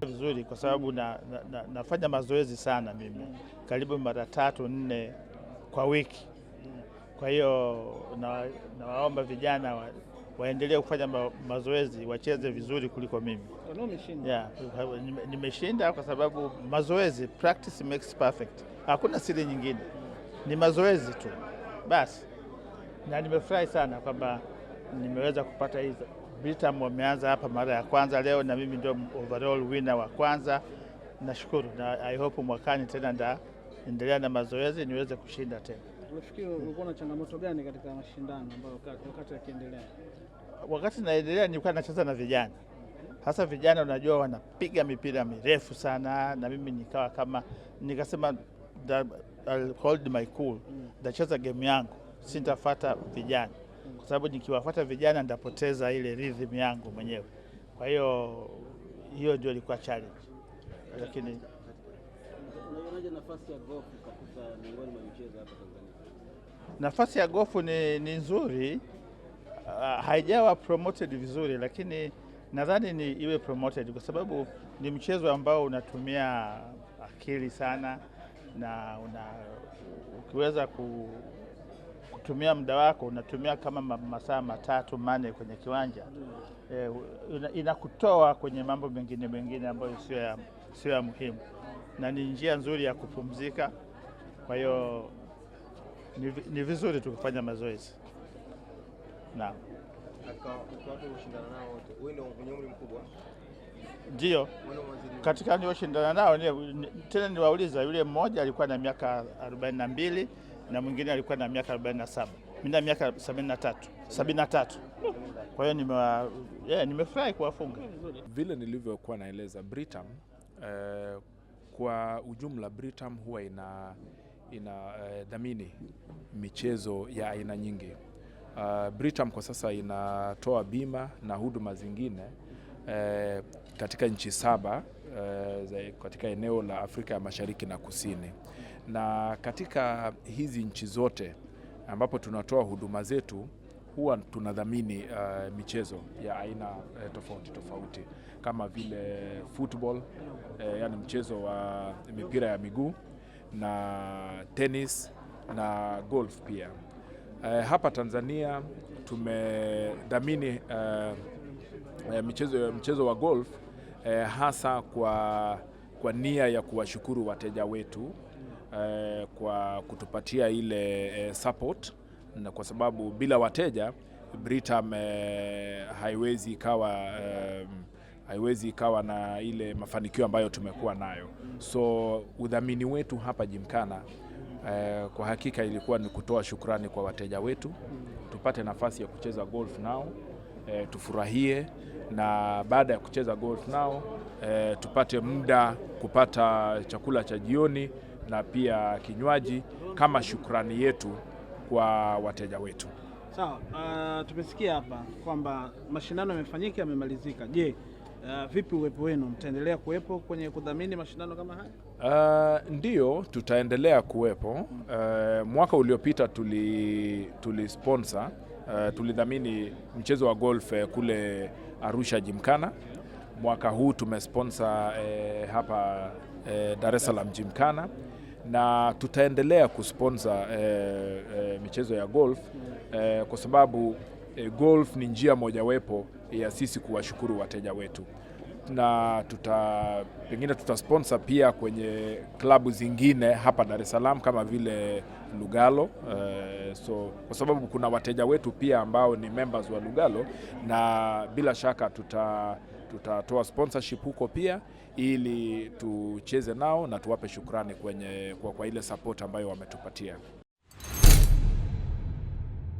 Vizuri kwa sababu na, na, na, nafanya mazoezi sana mimi karibu mara tatu nne kwa wiki. Kwa hiyo nawaomba na vijana wa, waendelee kufanya ma, mazoezi wacheze vizuri kuliko mimi. Yeah, nimeshinda kwa sababu mazoezi, practice makes perfect. Hakuna siri nyingine, ni mazoezi tu basi, na nimefurahi sana kwamba nimeweza kupata hizo Britam wameanza hapa mara ya kwanza leo, na mimi ndio overall winner wa kwanza. Nashukuru na I hope mwakani tena ndaendelea na mazoezi niweze kushinda tena. Unafikiri ulikuwa na changamoto gani katika mashindano ambayo wakati yakiendelea? Wakati naendelea nilikuwa nacheza na vijana, hasa vijana, unajua wanapiga mipira mirefu sana, na mimi nikawa kama nikasema I'll hold my cool, mm. ndacheza game yangu, sintafata vijana kwa sababu nikiwafuata vijana ndapoteza ile rhythm yangu mwenyewe. Kwa hiyo hiyo ndio ilikuwa challenge, lakini nafasi ya gofu ni, ni nzuri uh, haijawa promoted vizuri, lakini nadhani ni iwe promoted kwa sababu ni mchezo ambao unatumia akili sana na una, ukiweza ku unatumia muda wako unatumia kama masaa matatu mane kwenye kiwanja e, inakutoa kwenye mambo mengine mengine ambayo sio ya, sio ya muhimu, na ni njia nzuri ya kupumzika. Kwa hiyo ni, ni vizuri tukifanya mazoezi na Ndio, katika nioshindana nao tena niwauliza, yule mmoja alikuwa na miaka arobaini na mbili na mwingine alikuwa na miaka 47 mimi na miaka 73 73. Kwa hiyo nime yeah, nimefurahi kuwafunga vile nilivyokuwa naeleza Britam eh, kwa ujumla Britam huwa ina ina eh, dhamini michezo ya aina nyingi. Uh, Britam kwa sasa inatoa bima na huduma zingine eh, katika nchi saba eh, katika eneo la Afrika ya Mashariki na Kusini na katika hizi nchi zote ambapo tunatoa huduma zetu huwa tunadhamini uh, michezo ya aina uh, tofauti tofauti kama vile football uh, eh, yani mchezo wa mipira ya miguu na tennis na golf pia. Uh, hapa Tanzania tumedhamini uh, mchezo, mchezo wa golf uh, hasa kwa, kwa nia ya kuwashukuru wateja wetu eh, kwa kutupatia ile eh, support na kwa sababu bila wateja Britam eh, haiwezi ikawa eh, haiwezi ikawa na ile mafanikio ambayo tumekuwa nayo. So udhamini wetu hapa jimkana eh, kwa hakika ilikuwa ni kutoa shukrani kwa wateja wetu, tupate nafasi ya kucheza golf nao eh, tufurahie, na baada ya kucheza golf nao eh, tupate muda kupata chakula cha jioni na pia kinywaji kama shukrani yetu kwa wateja wetu. Sawa. Uh, tumesikia hapa kwamba mashindano yamefanyika, yamemalizika. Je, uh, vipi uwepo wenu? Mtaendelea kuwepo kwenye kudhamini mashindano kama haya? Uh, ndio tutaendelea kuwepo. Uh, mwaka uliopita tuli, tuli sponsor uh, tulidhamini mchezo wa golf eh, kule Arusha Jimkana. Mwaka huu tumesponsor uh, eh, hapa uh, Dar es Salaam Jimkana na tutaendelea kusponsa e, eh, e, eh, michezo ya golf e, kwa sababu e, golf ni njia mojawapo ya sisi kuwashukuru wateja wetu na tuta pengine tutasponsor pia kwenye klabu zingine hapa Dar es Salaam kama vile Lugalo. Uh, so kwa sababu kuna wateja wetu pia ambao ni members wa Lugalo, na bila shaka tuta tutatoa sponsorship huko pia ili tucheze nao na tuwape shukrani kwenye, kwa, kwa ile support ambayo wametupatia.